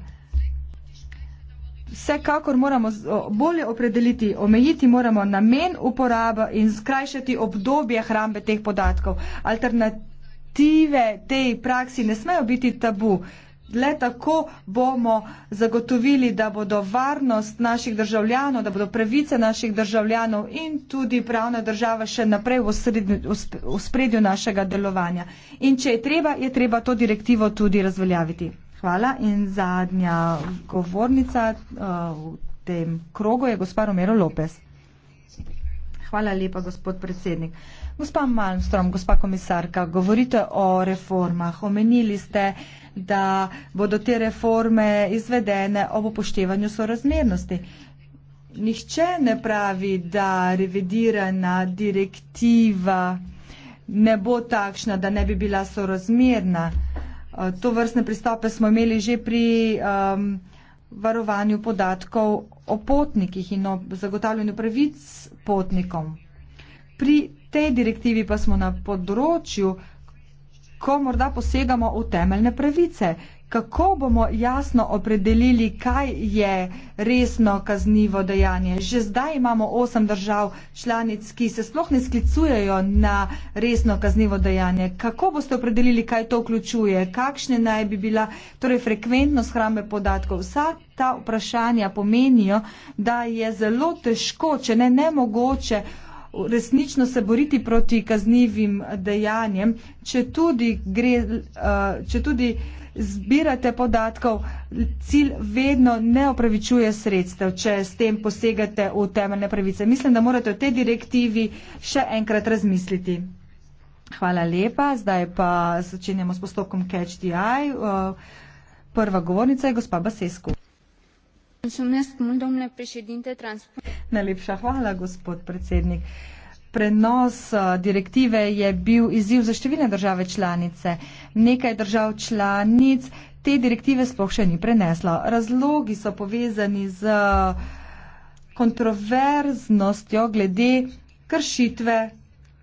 Vsekakor moramo bolje opredeliti, omejiti moramo namen uporabe in skrajšati obdobje hrambe teh podatkov. Alternative tej praksi ne smejo biti tabu. Le tako bomo zagotovili, da bodo varnost naših državljanov, da bodo pravice naših državljanov in tudi pravna država še naprej v spredju našega delovanja. In če je treba, je treba to direktivo tudi razveljaviti. Hvala. In zadnja govornica eh, v tem krogu je gospod Romero Lopez. Hvala lepa, gospod predsednik. Gospa Malmstrom, gospa komisarka, govorite o reformah. Omenili ste, da bodo te reforme izvedene ob upoštevanju sorazmernosti. Nihče ne pravi, da revidirana direktiva ne bo takšna, da ne bi bila sorazmerna. Eh, to vrstne pristope smo imeli že pri um, varovanju podatkov o potnikih in o zagotavljanju pravic potnikom. Pri tej direktivi pa smo na področju, ko morda posegamo v temeljne pravice. Kako bomo jasno opredelili, kaj je resno kaznivo dejanje? Že zdaj imamo osem držav članic, ki se sploh ne sklicujejo na resno kaznivo dejanje. Kako boste opredelili, kaj to vključuje? Kakšne naj bi bila torej frekventnost hrambe podatkov? Vsa ta vprašanja pomenijo, da je zelo težko, če ne nemogoče, resnično se boriti proti kaznivim dejanjem, če tudi, gre, eh, če tudi zbirate podatkov, cilj vedno ne opravičuje sredstev, če s tem posegate v temeljne pravice. Mislim, da morate v tej direktivi še enkrat razmisliti. Hvala lepa. Zdaj pa začenjamo s postopkom Catch the Eye. Eh, prva govornica je gospa Basesku. Najlepša hvala, gospod predsednik. Prenos uh, direktive je bil izziv za številne države članice. Nekaj držav članic te direktive sploh še ni preneslo. Razlogi so povezani z uh, kontroverznostjo glede kršitve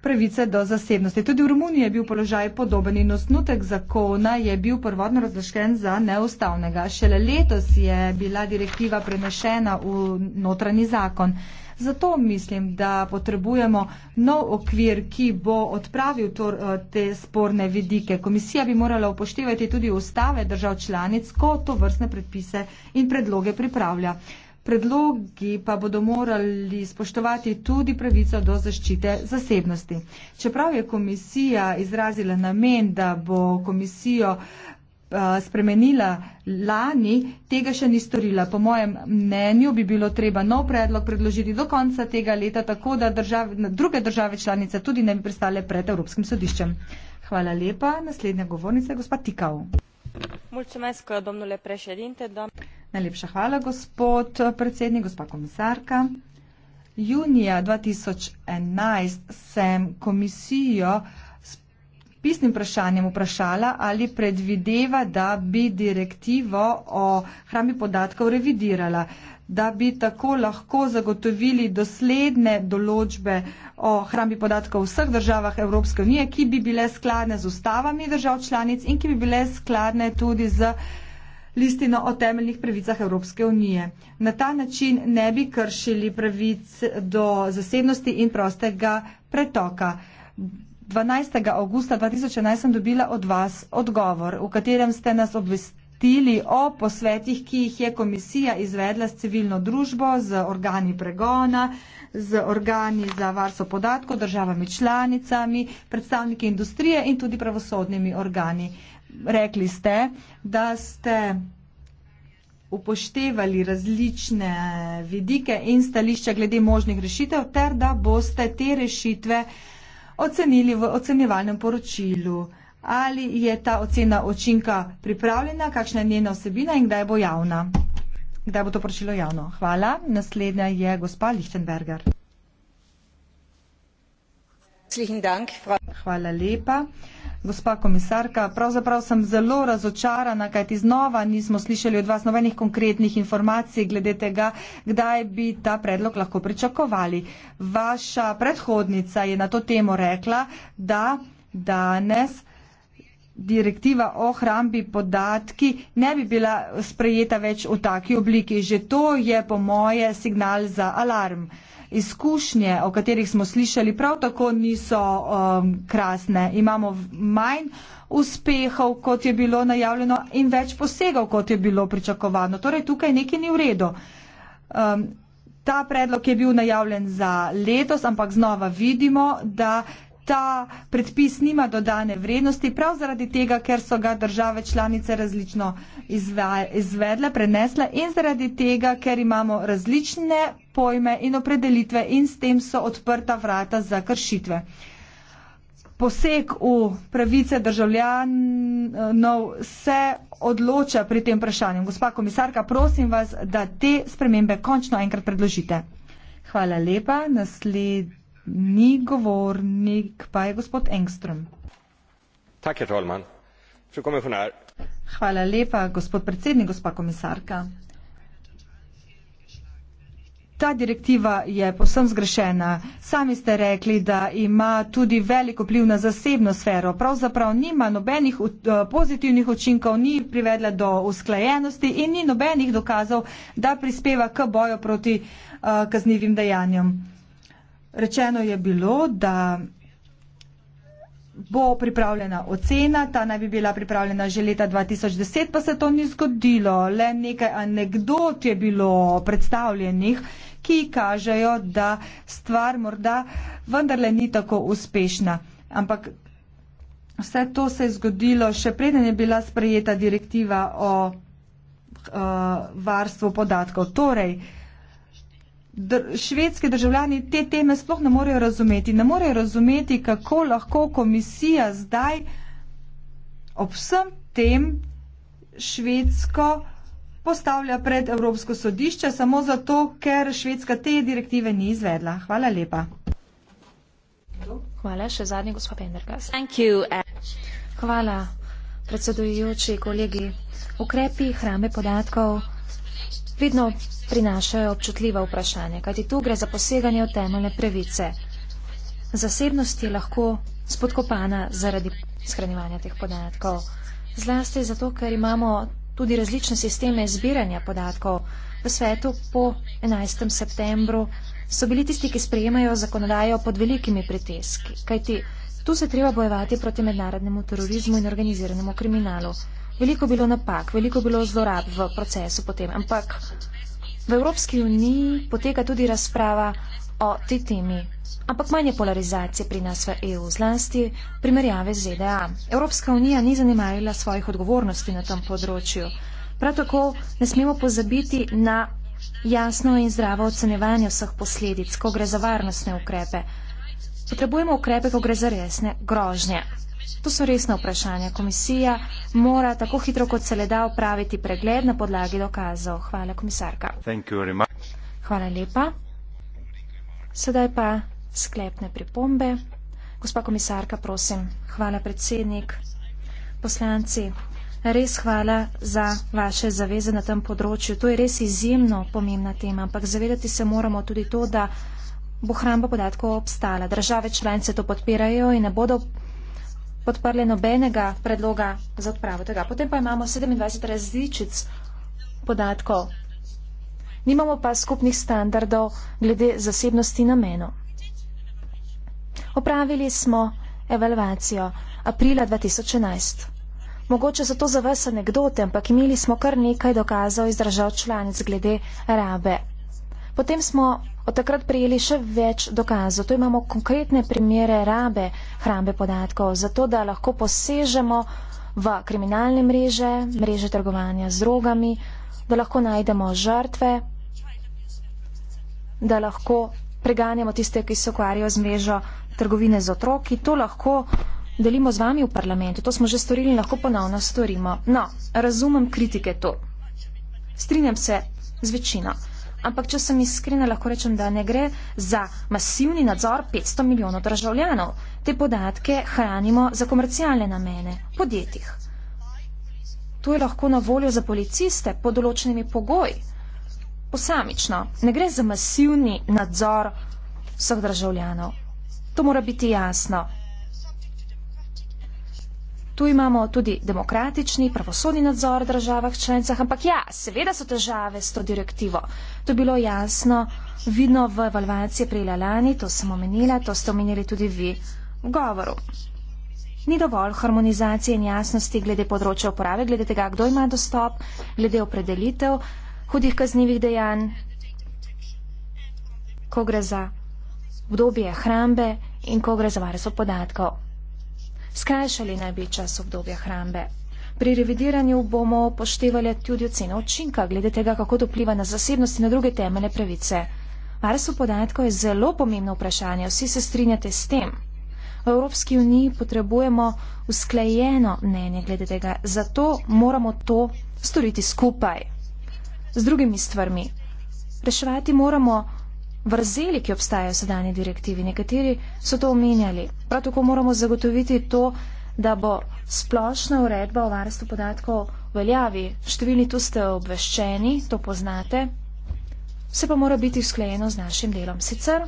pravice do zasebnosti. Tudi v Romuniji je bil položaj podoben in osnutek zakona je bil prvotno razlošen za neustavnega. Šele letos je bila direktiva prenešena v notranji zakon. Zato mislim, da potrebujemo nov okvir, ki bo odpravil to, eh, te sporne vidike. Komisija bi morala upoštevati tudi ustave držav članic, ko to vrstne predpise in predloge pripravlja. Predlogi pa bodo morali spoštovati tudi pravico do zaščite zasebnosti. Čeprav je komisija izrazila namen, da bo komisijo eh, spremenila lani, tega še ni storila. Po mojem mnenju bi bilo treba nov predlog predložiti do konca tega leta, tako da držav, druge države članice tudi ne bi pristale pred Evropskim sodiščem. Hvala lepa. Naslednja govornica je gospod Tikav. Najlepša hvala, gospod predsednik, gospa komisarka. Junija 2011 sem komisijo s pisnim vprašanjem vprašala, ali predvideva, da bi direktivo o hrambi podatkov revidirala da bi tako lahko zagotovili dosledne določbe o hrambi podatkov v vseh državah Evropske unije, ki bi bile skladne z ustavami držav članic in ki bi bile skladne tudi z listino o temeljnih pravicah Evropske unije. Na ta način ne bi kršili pravic do zasebnosti in prostega pretoka. 12. augusta 2011 sem dobila od vas odgovor, v katerem ste nas obvestili obvestili o posvetih, ki jih je komisija izvedla s civilno družbo, z organi pregona, z organi za varstvo podatkov, državami članicami, predstavniki industrije in tudi pravosodnimi organi. Rekli ste, da ste upoštevali različne vidike in stališča glede možnih rešitev, ter da boste te rešitve ocenili v ocenjevalnem poročilu ali je ta ocena očinka pripravljena, kakšna je njena osebina in kdaj bo javna. Kdaj bo to poročilo javno? Hvala. Naslednja je gospa Lichtenberger. Hvala lepa. Gospa komisarka, pravzaprav sem zelo razočarana, kajti znova nismo slišali od vas nobenih konkretnih informacij glede tega, kdaj bi ta predlog lahko pričakovali. Vaša predhodnica je na to temo rekla, da danes direktiva o hrambi podatki ne bi bila sprejeta več v taki obliki. Že to je po moje signal za alarm. Izkušnje, o katerih smo slišali, prav tako niso um, krasne. Imamo manj uspehov, kot je bilo najavljeno, in več posegov, kot je bilo pričakovano. Torej, tukaj nekaj ni v redu. Um, ta predlog je bil najavljen za letos, ampak znova vidimo, da uh, ta predpis nima dodane vrednosti, prav zaradi tega, ker so ga države članice različno izvedle, prenesle in zaradi tega, ker imamo različne pojme in opredelitve in s tem so odprta vrata za kršitve. Poseg v pravice državljanov se odloča pri tem vprašanju. Gospa komisarka, prosim vas, da te spremembe končno enkrat predložite. Hvala lepa. Naslednji. Ni govornik pa je gospod Engström. Tak je tolman. Če komisar. Hvala lepa, gospod predsednik, gospa komisarka. Ta direktiva je posem zgrešena. Sami ste rekli, da ima tudi veliko pliv na zasebno sfero. Pravzaprav nima nobenih uh, pozitivnih učinkov, ni privedla do usklajenosti in ni nobenih dokazov, da prispeva k boju proti uh, kaznivim dejanjem. Rečeno je bilo, da bo pripravljena ocena, ta naj bi bila pripravljena že leta 2010, pa se to ni zgodilo. Le nekaj anegdot je bilo predstavljenih, ki kažejo, da stvar morda vendarle ni tako uspešna. Ampak vse to se je zgodilo, še preden je bila sprejeta direktiva o uh, varstvu podatkov. Torej, uh, dr švedski državljani te teme sploh ne morejo razumeti. Ne morejo razumeti, kako lahko komisija zdaj ob vsem tem švedsko postavlja pred Evropsko sodišče samo zato, ker švedska te direktive ni izvedla. Hvala lepa. Hvala, še zadnji gospod Pendergast. Eh. Hvala, predsedujoči kolegi. Ukrepi hrame podatkov vedno prinašajo občutljiva vprašanja, kajti tu gre za poseganje v temeljne pravice. Zasebnost je lahko spodkopana zaradi shranjevanja teh podatkov. Zlasti zato, ker imamo tudi različne sisteme zbiranja podatkov. V svetu po 11. septembru so bili tisti, ki sprejemajo zakonodajo pod velikimi pritiski, kajti tu se treba bojevati proti mednarodnemu terorizmu in organiziranemu kriminalu. Veliko je bilo napak, veliko je bilo zlorab v procesu potem, ampak v Evropski uniji poteka tudi razprava o tej temi. Ampak manje polarizacije pri nas v EU, zlasti primerjave z ZDA. Evropska unija ni zanimala svojih odgovornosti na tem področju. Prav tako ne smemo pozabiti na jasno in zdravo ocenevanje vseh posledic, ko gre za varnostne ukrepe. Potrebujemo ukrepe, ko gre za resne grožnje. To so resna vprašanja. Komisija mora tako hitro, kot se le da, upraviti pregled na podlagi dokazov. Hvala, komisarka. Hvala lepa. Sedaj pa sklepne pripombe. Gospa komisarka, prosim. Hvala, predsednik. Poslanci, res hvala za vaše zaveze na tem področju. To je res izjemno pomembna tema, ampak zavedati se moramo tudi to, da bo hramba podatkov obstala. Države članice to podpirajo in ne bodo podprli nobenega predloga za odpravo tega. Potem pa imamo 27 različic podatkov. Nimamo pa skupnih standardov glede zasebnosti in namenu. Opravili smo evalvacijo aprila 2011. Mogoče so to za vas anekdote, ampak imeli smo kar nekaj dokazov iz držav članic glede rabe. Potem smo od takrat prijeli še več dokazov. To imamo konkretne primere rabe hrambe podatkov, zato da lahko posežemo v kriminalne mreže, mreže trgovanja z drogami, da lahko najdemo žrtve, da lahko preganjamo tiste, ki se ukvarjajo z mrežo trgovine z otroki. To lahko delimo z vami v parlamentu. To smo že storili in lahko ponovno storimo. No, razumem kritike to. Strinjam se z večino ampak če sem iskrena, lahko rečem, da ne gre za masivni nadzor 500 milijonov državljanov. Te podatke hranimo za komercialne namene, podjetjih. To je lahko na voljo za policiste pod določenimi pogoji. Posamično, ne gre za masivni nadzor vseh državljanov. To mora biti jasno. Tu imamo tudi demokratični, pravosodni nadzor v državah članicah, ampak ja, seveda so težave s to direktivo. To je bilo jasno, vidno v evalvaciji prej lani, to sem omenila, to ste omenili tudi vi v govoru. Ni dovolj harmonizacije in jasnosti glede področja uporabe, glede tega, kdo ima dostop, glede opredelitev hudih kaznjivih dejanj, ko gre za obdobje hrambe in ko gre za varstvo podatkov. Skrajšali naj bi čas obdobja hrambe. Pri revidiranju bomo poštevali tudi oceno učinka, glede tega, kako to vpliva na zasebnost in na druge temeljne pravice. Varstvo podatkov je zelo pomembno vprašanje, vsi se strinjate s tem. V Evropski uniji potrebujemo usklajeno mnenje glede tega, zato moramo to storiti skupaj. Z drugimi stvarmi. Reševati moramo vrzeli, ki obstajajo v sedanji direktivi. Nekateri so to omenjali. Prav tako moramo zagotoviti to, da bo splošna uredba o varstvu podatkov veljavi. Številni tu ste obveščeni, to poznate. Vse pa mora biti usklajeno z našim delom. Sicer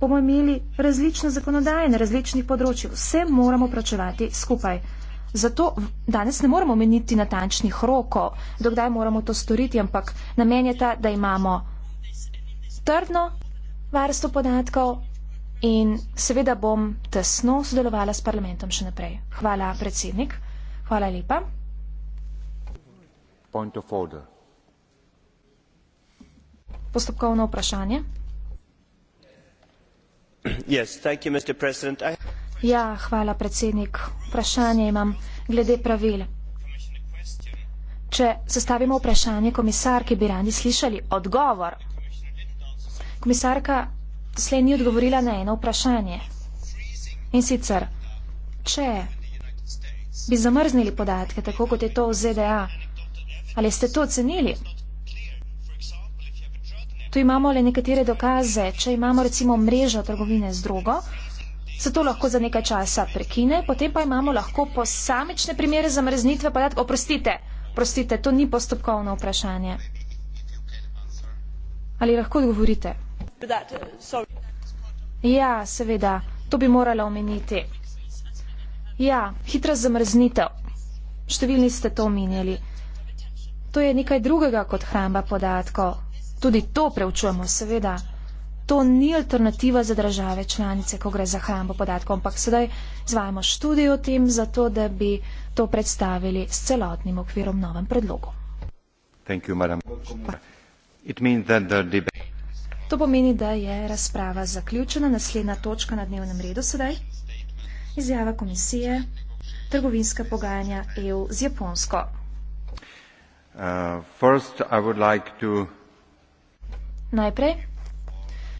bomo imeli različne zakonodaje na različnih področjih. Vse moramo pračevati skupaj. Zato danes ne moramo meniti natančnih rokov, dokdaj moramo to storiti, ampak namen je ta, da imamo trdno varstvo podatkov in seveda bom tesno sodelovala s parlamentom še naprej. Hvala, predsednik. Hvala lepa. Point of order. Postopkovno vprašanje. Yes, thank you, Mr. President. I... Ja, hvala, predsednik. Vprašanje imam glede pravil. Če sestavimo vprašanje komisarki, bi radi slišali odgovor. Komisarka slej ni odgovorila na eno vprašanje. In sicer, če bi zamrznili podatke, tako kot je to v ZDA, ali ste to ocenili? Tu imamo le nekatere dokaze. Če imamo recimo mrežo trgovine z drugo, se to lahko za nekaj časa prekine, potem pa imamo lahko posamične primere zamrznitve podatkov. Oprostite, oprostite, to ni postopkovno vprašanje. Ali lahko odgovorite? Uh, ja, seveda, to bi morala omeniti. Ja, hitra zamrznitev. Številni ste to omenjali. To je nekaj drugega kot hramba podatkov. Tudi to preučujemo, seveda. To ni alternativa za države članice, ko gre za hrambo podatkov, ampak sedaj zvajamo študijo o tem, zato da bi to predstavili s celotnim okvirom novem predlogu. To pomeni, da je razprava zaključena. Naslednja točka na dnevnem redu sedaj. Izjava komisije. Trgovinske pogajanja EU z Japonsko. Uh, first I would like to... Najprej.